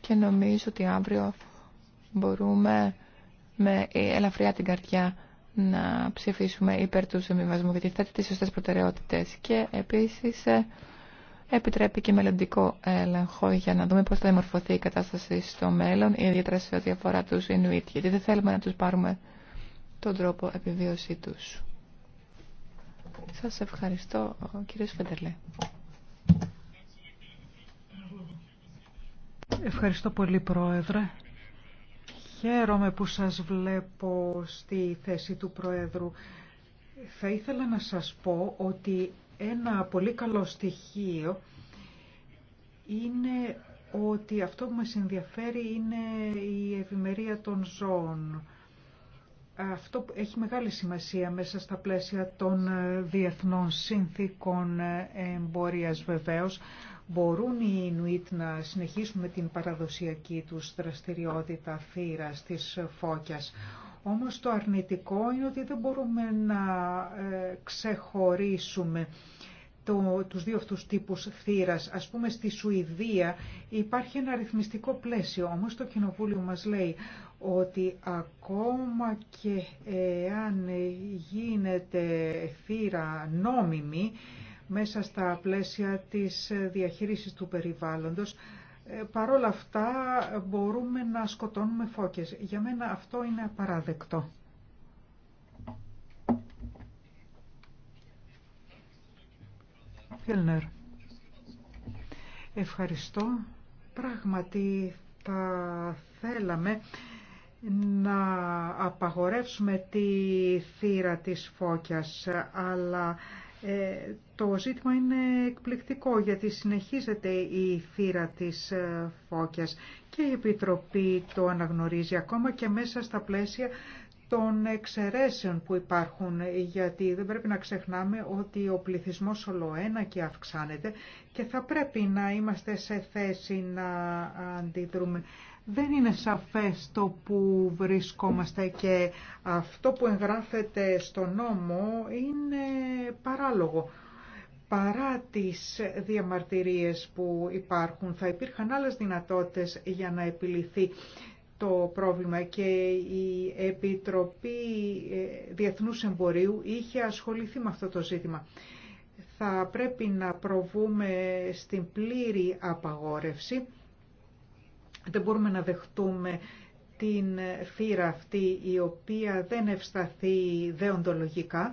και νομίζω ότι αύριο μπορούμε με ελαφριά την καρδιά να ψηφίσουμε υπέρ του συμβιβασμού γιατί θέτει τι σωστέ προτεραιότητες και επίσης ε, επιτρέπει και μελλοντικό έλεγχο για να δούμε πώς θα δημορφωθεί η κατάσταση στο μέλλον ιδιαίτερα σε ό,τι αφορά τους Ινουίτ γιατί δεν θέλουμε να τους πάρουμε τον τρόπο επιβίωσή τους. Σας ευχαριστώ, κύριε Σφεντερλέ. Ευχαριστώ πολύ, Πρόεδρε. Χαίρομαι που σας βλέπω στη θέση του Προέδρου. Θα ήθελα να σας πω ότι ένα πολύ καλό στοιχείο είναι ότι αυτό που μας ενδιαφέρει είναι η ευημερία των ζώων. Αυτό έχει μεγάλη σημασία μέσα στα πλαίσια των ε, διεθνών συνθήκων ε, εμπορίας βεβαίως. Μπορούν οι Ινουίτ να συνεχίσουν με την παραδοσιακή τους δραστηριότητα θύρας της φώκιας. Όμως το αρνητικό είναι ότι δεν μπορούμε να ε, ξεχωρίσουμε το, τους δύο αυτούς τύπους θύρας. Ας πούμε στη Σουηδία υπάρχει ένα αριθμιστικό πλαίσιο, όμως το Κοινοβούλιο μας λέει ότι ακόμα και εάν γίνεται θύρα νόμιμη μέσα στα πλαίσια της διαχείρισης του περιβάλλοντος, ε, παρόλα αυτά μπορούμε να σκοτώνουμε φώκες. Για μένα αυτό είναι απαράδεκτο. Ευχαριστώ. Πράγματι θα θέλαμε να απαγορεύσουμε τη θύρα της φώκιας, αλλά ε, το ζήτημα είναι εκπληκτικό γιατί συνεχίζεται η θύρα της ε, φώκιας και η Επιτροπή το αναγνωρίζει ακόμα και μέσα στα πλαίσια των εξαιρέσεων που υπάρχουν, γιατί δεν πρέπει να ξεχνάμε ότι ο πληθυσμός ολοένα και αυξάνεται και θα πρέπει να είμαστε σε θέση να αντιδρούμε. Δεν είναι σαφές το που βρισκόμαστε και αυτό που εγγράφεται στο νόμο είναι παράλογο. Παρά τις διαμαρτυρίες που υπάρχουν, θα υπήρχαν άλλες δυνατότητες για να επιληθεί το πρόβλημα και η Επιτροπή ε, Διεθνούς Εμπορίου είχε ασχοληθεί με αυτό το ζήτημα. Θα πρέπει να προβούμε στην πλήρη απαγόρευση. Δεν μπορούμε να δεχτούμε την θύρα αυτή η οποία δεν ευσταθεί δεοντολογικά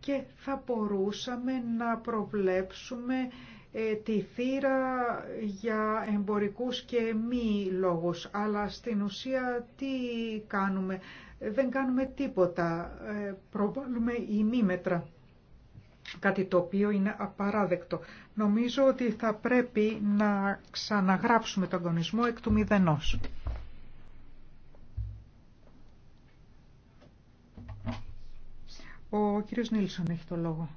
και θα μπορούσαμε να προβλέψουμε ε, τη θύρα για εμπορικούς και μη λόγους. Αλλά στην ουσία τι κάνουμε. Ε, δεν κάνουμε τίποτα. Ε, προβάλλουμε ημίμετρα. Κάτι το οποίο είναι απαράδεκτο. Νομίζω ότι θα πρέπει να ξαναγράψουμε τον αγωνισμό εκ του μηδενός. Ο κύριος Νίλσον έχει το λόγο.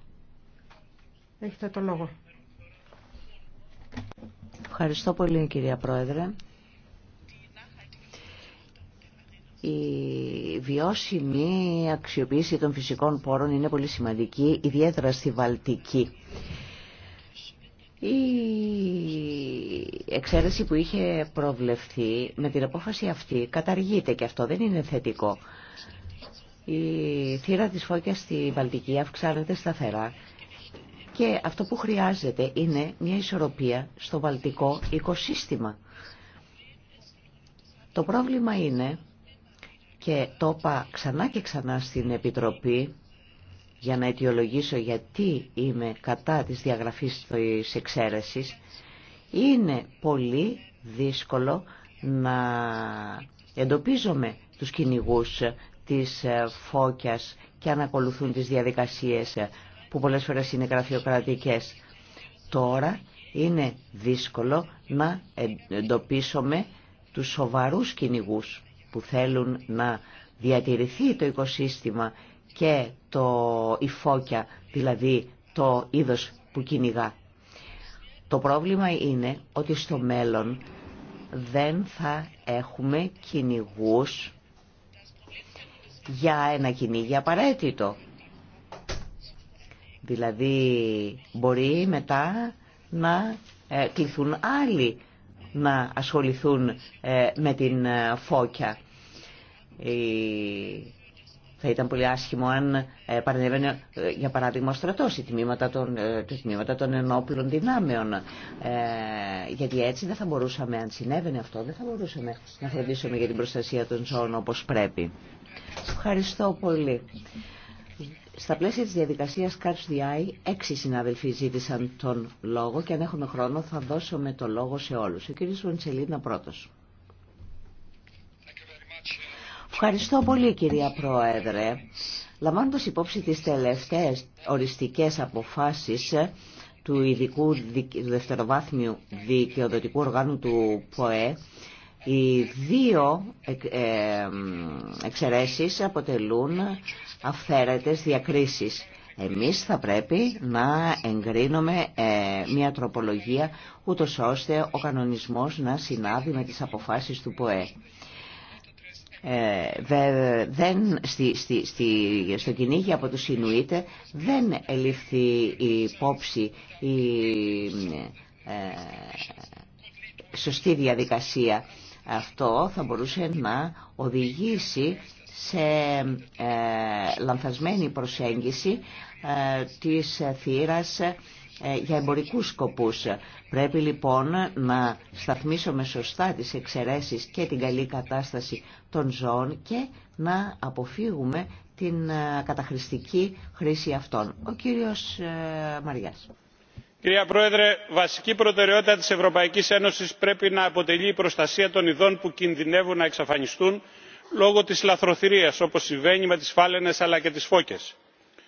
Έχετε το λόγο. Ευχαριστώ πολύ κυρία Πρόεδρε. Η βιώσιμη αξιοποίηση των φυσικών πόρων είναι πολύ σημαντική, ιδιαίτερα στη Βαλτική. Η εξαίρεση που είχε προβλεφθεί με την απόφαση αυτή καταργείται και αυτό δεν είναι θετικό. Η θύρα της φώκιας στη Βαλτική αυξάνεται σταθερά και αυτό που χρειάζεται είναι μια ισορροπία στο βαλτικό οικοσύστημα. Το πρόβλημα είναι, και το είπα ξανά και ξανά στην Επιτροπή, για να αιτιολογήσω γιατί είμαι κατά της διαγραφής της εξαίρεσης, είναι πολύ δύσκολο να εντοπίζουμε τους κυνηγούς της φώκιας και αν ακολουθούν τις διαδικασίες που πολλές φορές είναι γραφειοκρατικές. Τώρα είναι δύσκολο να εντοπίσουμε τους σοβαρούς κυνηγού που θέλουν να διατηρηθεί το οικοσύστημα και το, η φώκια, δηλαδή το είδος που κυνηγά. Το πρόβλημα είναι ότι στο μέλλον δεν θα έχουμε κυνηγού για ένα κυνήγι απαραίτητο. Δηλαδή μπορεί μετά να ε, κληθούν άλλοι να ασχοληθούν ε, με την ε, φώκια. Θα ήταν πολύ άσχημο αν παρενέβαινε, για παράδειγμα, ο στρατός, οι τμήματα των, τμήματα των ενόπλων δυνάμεων. γιατί έτσι δεν θα μπορούσαμε, αν συνέβαινε αυτό, δεν θα μπορούσαμε να φροντίσουμε για την προστασία των ζώων όπως πρέπει. Σας ευχαριστώ πολύ. Στα πλαίσια της διαδικασίας Catch the Eye, έξι συνάδελφοι ζήτησαν τον λόγο και αν έχουμε χρόνο θα δώσουμε το λόγο σε όλους. Ο κ. Βοντσελίνα πρώτος. Ευχαριστώ πολύ κυρία Πρόεδρε. Λαμβάνοντας υπόψη τις τελευταίες οριστικές αποφάσεις του ειδικού δευτεροβάθμιου δικαιοδοτικού οργάνου του ΠΟΕ, οι δύο ε, εξαιρέσεις αποτελούν αυθαίρετες διακρίσεις. Εμείς θα πρέπει να εγκρίνουμε ε, μια τροπολογία ούτω ώστε ο κανονισμός να συνάδει με τις αποφάσεις του ΠΟΕ. Ε, δεν, στη, στη, στη, στο κυνήγι από τους Ινουίτε δεν ελήφθη η υπόψη η σωστή διαδικασία αυτό θα μπορούσε να οδηγήσει σε ε, λανθασμένη προσέγγιση ε, της θύρας ε, για εμπορικούς σκοπούς. Πρέπει λοιπόν να σταθμίσουμε σωστά τις εξαιρέσεις και την καλή κατάσταση των ζώων και να αποφύγουμε την καταχρηστική χρήση αυτών. Ο κύριος Μαριάς. Κυρία Πρόεδρε, βασική προτεραιότητα της Ευρωπαϊκής Ένωσης πρέπει να αποτελεί η προστασία των ειδών που κινδυνεύουν να εξαφανιστούν λόγω της λαθροθυρίας, όπως συμβαίνει με τις φάλαινες αλλά και τις φώκες.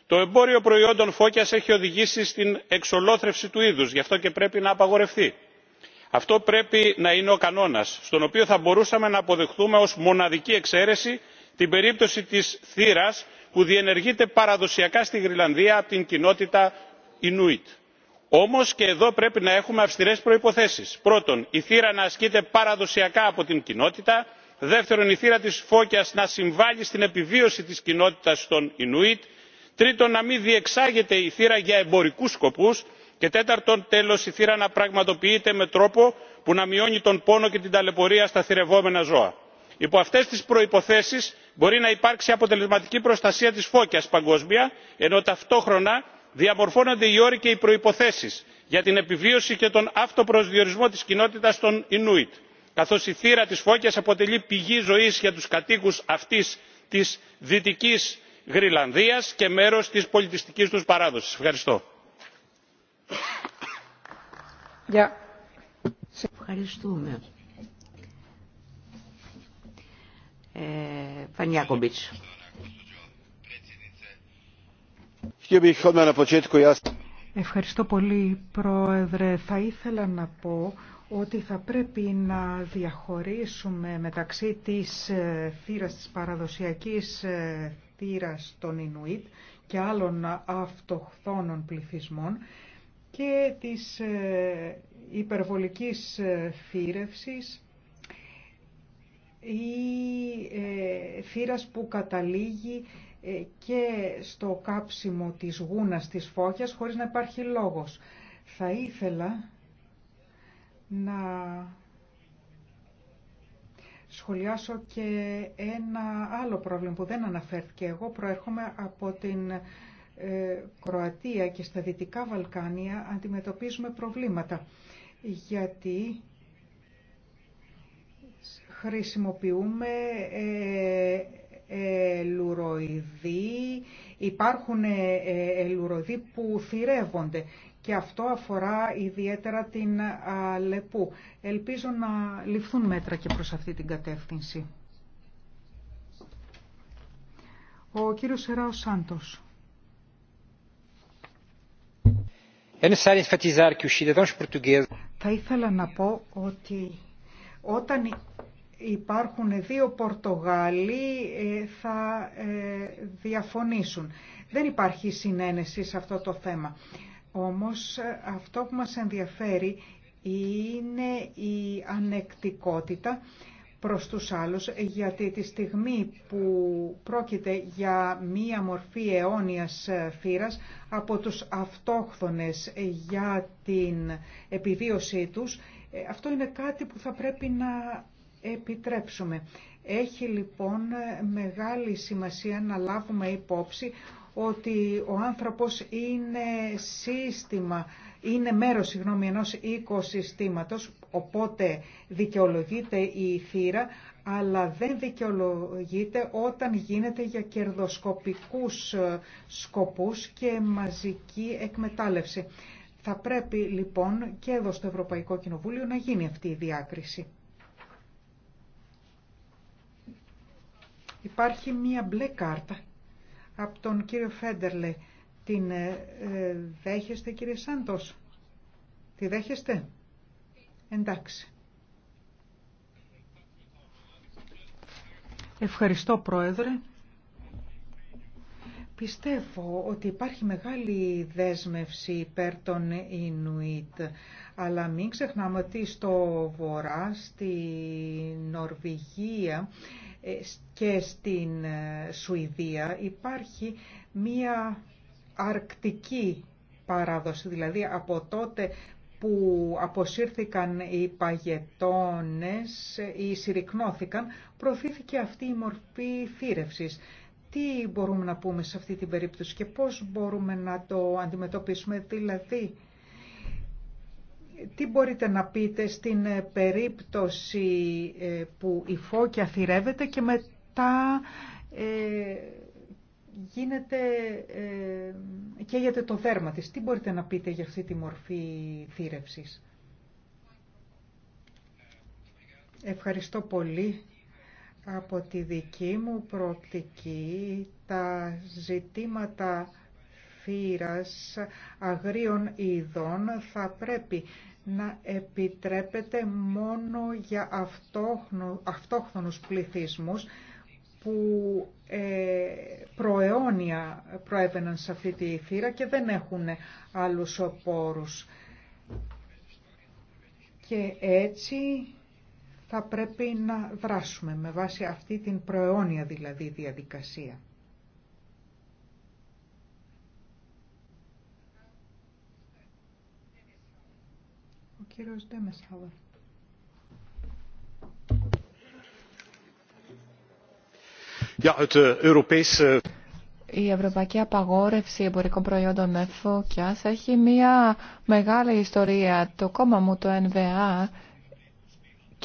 Το εμπόριο προϊόντων φώκιας έχει οδηγήσει στην εξολόθρευση του είδους, γι' αυτό και πρέπει να απαγορευτεί. Αυτό πρέπει να είναι ο κανόνας, στον οποίο θα μπορούσαμε να αποδεχθούμε ως μοναδική εξαίρεση την περίπτωση της θύρας που διενεργείται παραδοσιακά στη Γροιλανδία, από την κοινότητα Ινούιτ όμως και εδώ πρέπει να έχουμε αυστηρές προϋποθέσεις πρώτον η θύρα να ασκείται παραδοσιακά από την κοινότητα δεύτερον η θύρα της φώκιας να συμβάλλει στην επιβίωση της κοινότητας των ινουίτ τρίτον να μην διεξάγεται η θύρα για εμπορικούς σκοπούς και τέταρτον τέλος η θύρα να πραγματοποιείται με τρόπο που να μειώνει τον πόνο και την ταλαιπωρία στα θηρευόμενα ζώα. υπό αυτές τις προϋποθέσεις μπορεί να υπάρξει αποτελεσματική προστασία της φώκιας παγκόσμια ενώ ταυτόχρονα διαμορφώνονται οι όροι και οι προϋποθέσεις για την επιβίωση και τον αυτοπροσδιορισμό της κοινότητας των ινούιτ καθώς η θύρα της φώκιας αποτελεί πηγή ζωής για τους κατοίκους αυτής της δυτικής γροιλανδίας και μέρος της πολιτιστικής τους παράδοσης. ευχαριστώ. Ε, Ευχαριστώ πολύ, Πρόεδρε. Θα ήθελα να πω ότι θα πρέπει να διαχωρίσουμε μεταξύ της ε, θύρας της παραδοσιακής ε, θύρας των Ινουίτ και άλλων αυτοχθόνων πληθυσμών και της ε, υπερβολικής θύρευσης ή θύρας που καταλήγει ε, και στο κάψιμο της γούνας της φώκιας χωρίς να υπάρχει λόγος. Θα ήθελα να σχολιάσω και ένα άλλο πρόβλημα που δεν αναφέρθηκε. Εγώ προέρχομαι από την ε, Κροατία και στα Δυτικά Βαλκάνια αντιμετωπίζουμε προβλήματα γιατί χρησιμοποιούμε ε, ελουροειδή, υπάρχουν ε, ε, ελουροειδοί που θυρεύονται και αυτό αφορά ιδιαίτερα την λεπού. Ελπίζω να ληφθούν μέτρα και προς αυτή την κατεύθυνση. Ο κύριος Σεράος Σάντος. Θα ήθελα να πω ότι όταν υπάρχουν δύο Πορτογάλοι ε, θα ε, διαφωνήσουν. Δεν υπάρχει συνένεση σε αυτό το θέμα. Όμως ε, αυτό που μας ενδιαφέρει είναι η ανεκτικότητα προς τους άλλους, γιατί τη στιγμή που πρόκειται για μία μορφή αιώνιας φύρας από τους αυτόχθονες για την επιβίωσή τους, αυτό είναι κάτι που θα πρέπει να επιτρέψουμε. Έχει λοιπόν μεγάλη σημασία να λάβουμε υπόψη ότι ο άνθρωπος είναι σύστημα, είναι μέρος συγγνώμη, ενός οικοσυστήματος, οπότε δικαιολογείται η θύρα, αλλά δεν δικαιολογείται όταν γίνεται για κερδοσκοπικούς ε, σκοπούς και μαζική εκμετάλλευση. Θα πρέπει λοιπόν και εδώ στο Ευρωπαϊκό Κοινοβούλιο να γίνει αυτή η διάκριση. Υπάρχει μία μπλε κάρτα από τον κύριο Φέντερλε. Την ε, ε, δέχεστε κύριε Σάντος. Τη δέχεστε. Εντάξει. Ευχαριστώ Πρόεδρε. Πιστεύω ότι υπάρχει μεγάλη δέσμευση υπέρ των Ινουίτ, αλλά μην ξεχνάμε ότι στο Βορρά, στη Νορβηγία, ε, και στην ε, Σουηδία υπάρχει μία αρκτική παράδοση, δηλαδή από τότε που αποσύρθηκαν οι παγετώνες ε, ή συρρυκνώθηκαν, προωθήθηκε αυτή η μορφή θύρευσης. Τι μπορούμε να πούμε σε αυτή την περίπτωση και πώς μπορούμε να το αντιμετωπίσουμε, δηλαδή τι μπορείτε να πείτε στην ε, περίπτωση ε, που η φώκια θυρεύεται και μετά ε, γίνεται, καίγεται το δέρμα της. Τι μπορείτε να πείτε για αυτή τη μορφή θύρευσης. Ευχαριστώ πολύ. Από τη δική μου προοπτική, τα ζητήματα θύρας αγρίων ειδών θα πρέπει να επιτρέπεται μόνο για αυτόχθονους πληθυσμούς που ε, προαιώνια προέβαιναν σε αυτή τη θύρα και δεν έχουν άλλους οπόρους. Και έτσι θα πρέπει να δράσουμε με βάση αυτή την προαιώνια δηλαδή διαδικασία. Eh, eh, Η ευρωπαϊκή απαγόρευση εμπορικών προϊόντων με έχει μια μεγάλη ιστορία. Το κόμμα μου, το NVA,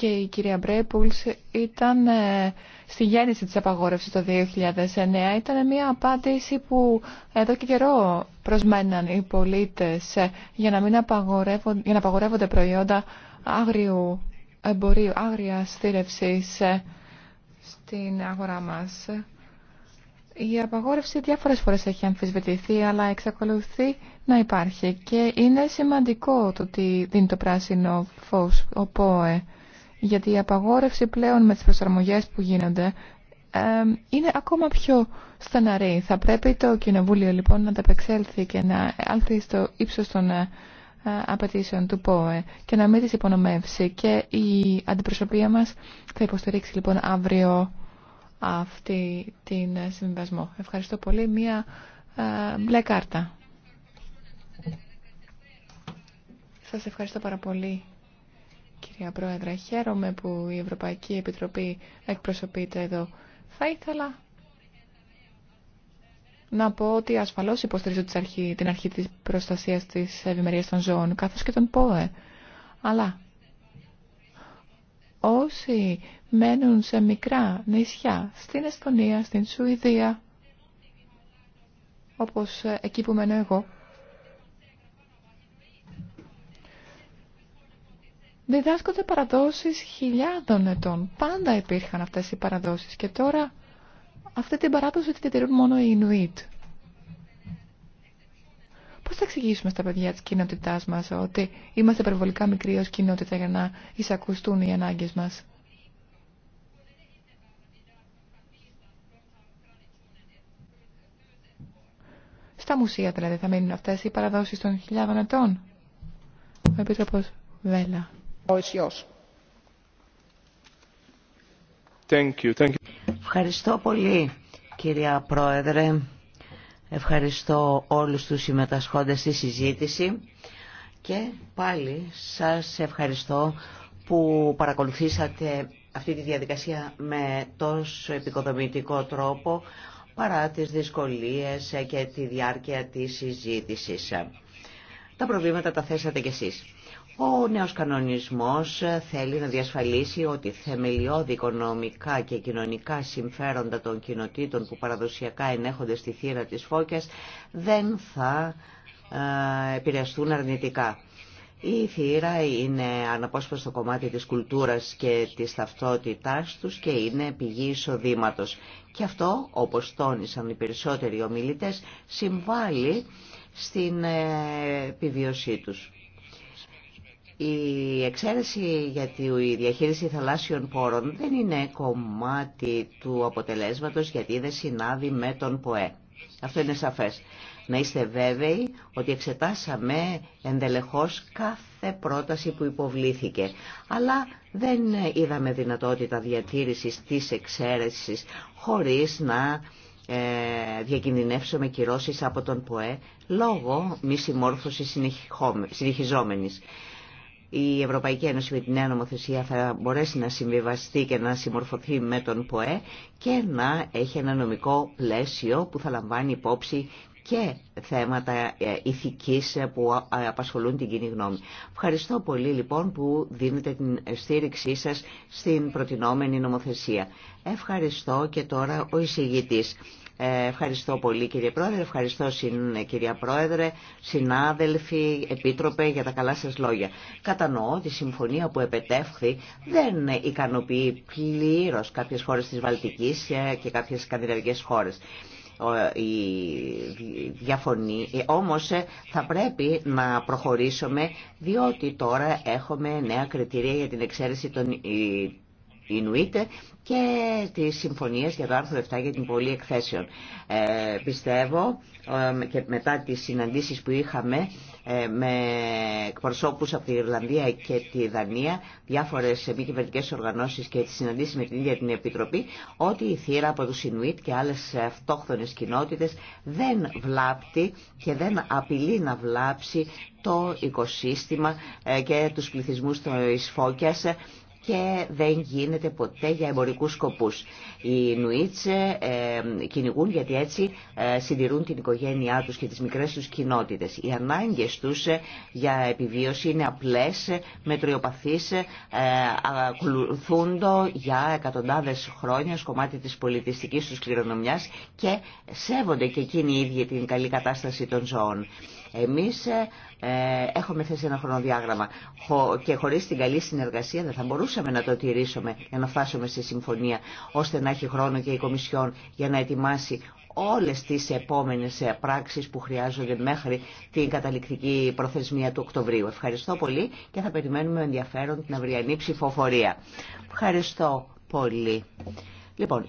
και η κυρία Μπρέπουλς ήταν ε, στη γέννηση της απαγόρευσης το 2009. Ήταν μια απάντηση που εδώ και καιρό προσμέναν οι πολίτες ε, για να, μην απαγορεύονται, για να απαγορεύονται προϊόντα άγριου εμπορίου, άγρια στήρευσης ε, στην αγορά μας. Η απαγόρευση διάφορες φορές έχει αμφισβητηθεί, αλλά εξακολουθεί να υπάρχει και είναι σημαντικό το ότι δίνει το πράσινο φως, ο ΠΟΕ γιατί η απαγόρευση πλέον με τις προσαρμογές που γίνονται ε, είναι ακόμα πιο στεναρή. Θα πρέπει το Κοινοβούλιο λοιπόν να ταπεξέλθει και να έλθει στο ύψος των ε, απαιτήσεων του ΠΟΕ και να μην τις υπονομεύσει. Και η αντιπροσωπεία μας θα υποστηρίξει λοιπόν αύριο αυτή την συμβιβασμό. Ευχαριστώ πολύ. Μία ε, μπλε κάρτα. Σας ευχαριστώ πάρα πολύ κυρία Πρόεδρε. Χαίρομαι που η Ευρωπαϊκή Επιτροπή εκπροσωπείται εδώ. Θα ήθελα να πω ότι ασφαλώς υποστηρίζω την αρχή, την αρχή της προστασίας της ευημερίας των ζώων, καθώς και τον ΠΟΕ. Αλλά όσοι μένουν σε μικρά νησιά, στην Εστονία, στην Σουηδία, όπως εκεί που μένω εγώ, διδάσκονται παραδόσεις χιλιάδων ετών. Πάντα υπήρχαν αυτές οι παραδόσεις και τώρα αυτή την παράδοση τη διατηρούν μόνο οι Ινουίτ. Πώς θα εξηγήσουμε στα παιδιά της κοινότητά μας ότι είμαστε περιβολικά μικροί ως κοινότητα για να εισακουστούν οι ανάγκες μας. Στα μουσεία δηλαδή θα μείνουν αυτέ οι παραδόσει των χιλιάδων ετών. Ο Επίτροπο Βέλα. Ευχαριστώ πολύ κυρία Πρόεδρε. Ευχαριστώ όλους τους συμμετασχόντες στη συζήτηση και πάλι σας ευχαριστώ που παρακολουθήσατε αυτή τη διαδικασία με τόσο επικοδομητικό τρόπο παρά τις δυσκολίες και τη διάρκεια της συζήτησης. Τα προβλήματα τα θέσατε κι εσείς. Ο νέος κανονισμός θέλει να διασφαλίσει ότι θεμελιώδη οικονομικά και κοινωνικά συμφέροντα των κοινοτήτων που παραδοσιακά ενέχονται στη θύρα της φώκιας δεν θα ε, επηρεαστούν αρνητικά. Η θύρα είναι αναπόσπαστο κομμάτι της κουλτούρας και της ταυτότητάς τους και είναι πηγή εισοδήματο. Και αυτό, όπως τόνισαν οι περισσότεροι ομιλητές, συμβάλλει στην ε, επιβίωσή τους. Η εξαίρεση για τη διαχείριση θαλάσσιων πόρων δεν είναι κομμάτι του αποτελέσματος γιατί δεν συνάδει με τον ΠΟΕ. Αυτό είναι σαφές. Να είστε βέβαιοι ότι εξετάσαμε ενδελεχώς κάθε πρόταση που υποβλήθηκε. Αλλά δεν είδαμε δυνατότητα διατήρησης της εξαίρεσης χωρίς να ε, διακινδυνεύσουμε κυρώσεις από τον ΠΟΕ λόγω μη συμμόρφωσης συνεχιζόμενης η Ευρωπαϊκή Ένωση με τη νέα νομοθεσία θα μπορέσει να συμβιβαστεί και να συμμορφωθεί με τον ΠΟΕ και να έχει ένα νομικό πλαίσιο που θα λαμβάνει υπόψη και θέματα ε, ηθικής που απασχολούν την κοινή γνώμη. Ευχαριστώ πολύ λοιπόν που δίνετε την στήριξή σας στην προτινόμενη νομοθεσία. Ευχαριστώ και τώρα ο εισηγητής. Ε, ευχαριστώ πολύ κύριε Πρόεδρε, ευχαριστώ ε, κυρία Πρόεδρε, συνάδελφοι, επίτροπε για τα καλά σας λόγια. Κατανοώ ότι η συμφωνία που επετεύχθη δεν ικανοποιεί πλήρως κάποιες χώρες της Βαλτικής ε, και κάποιες σκανδιναβικές χώρες η διαφωνή. Όμως θα πρέπει να προχωρήσουμε διότι τώρα έχουμε νέα κριτήρια για την εξαίρεση των Ινουίτε και τις συμφωνίες για το άρθρο 7 για την πολλή εκθέσεων. Ε, πιστεύω ε, και μετά τις συναντήσεις που είχαμε ε, με εκπροσώπους από την Ιρλανδία και τη Δανία, διάφορες μη κυβερνητικέ οργανώσεις και τις συναντήσεις με την ίδια την Επιτροπή, ότι η θύρα από τους Ινουίτ και άλλες αυτόχθονες κοινότητες δεν βλάπτει και δεν απειλεί να βλάψει το οικοσύστημα ε, και τους πληθυσμούς της Φώκιας και δεν γίνεται ποτέ για εμπορικούς σκοπούς. Οι Νουίτς ε, κυνηγούν γιατί έτσι ε, συντηρούν την οικογένειά τους και τις μικρές τους κοινότητες. Οι ανάγκες τους ε, για επιβίωση είναι απλές, μετριοπαθείς, ακολουθούν το για εκατοντάδες χρόνια ως κομμάτι της πολιτιστικής τους κληρονομιάς και σέβονται και εκείνοι οι ίδιοι την καλή κατάσταση των ζώων. Εμείς ε, ε, έχουμε θέσει ένα χρονοδιάγραμμα και χωρίς την καλή συνεργασία δεν θα μπορούσαμε να το τηρήσουμε για να φτάσουμε στη συμφωνία, ώστε να έχει χρόνο και η Κομισιόν για να ετοιμάσει όλες τις επόμενες ε, πράξεις που χρειάζονται μέχρι την καταληκτική προθεσμία του Οκτωβρίου. Ευχαριστώ πολύ και θα περιμένουμε ενδιαφέρον την αυριανή ψηφοφορία. Ευχαριστώ πολύ. Λοιπόν,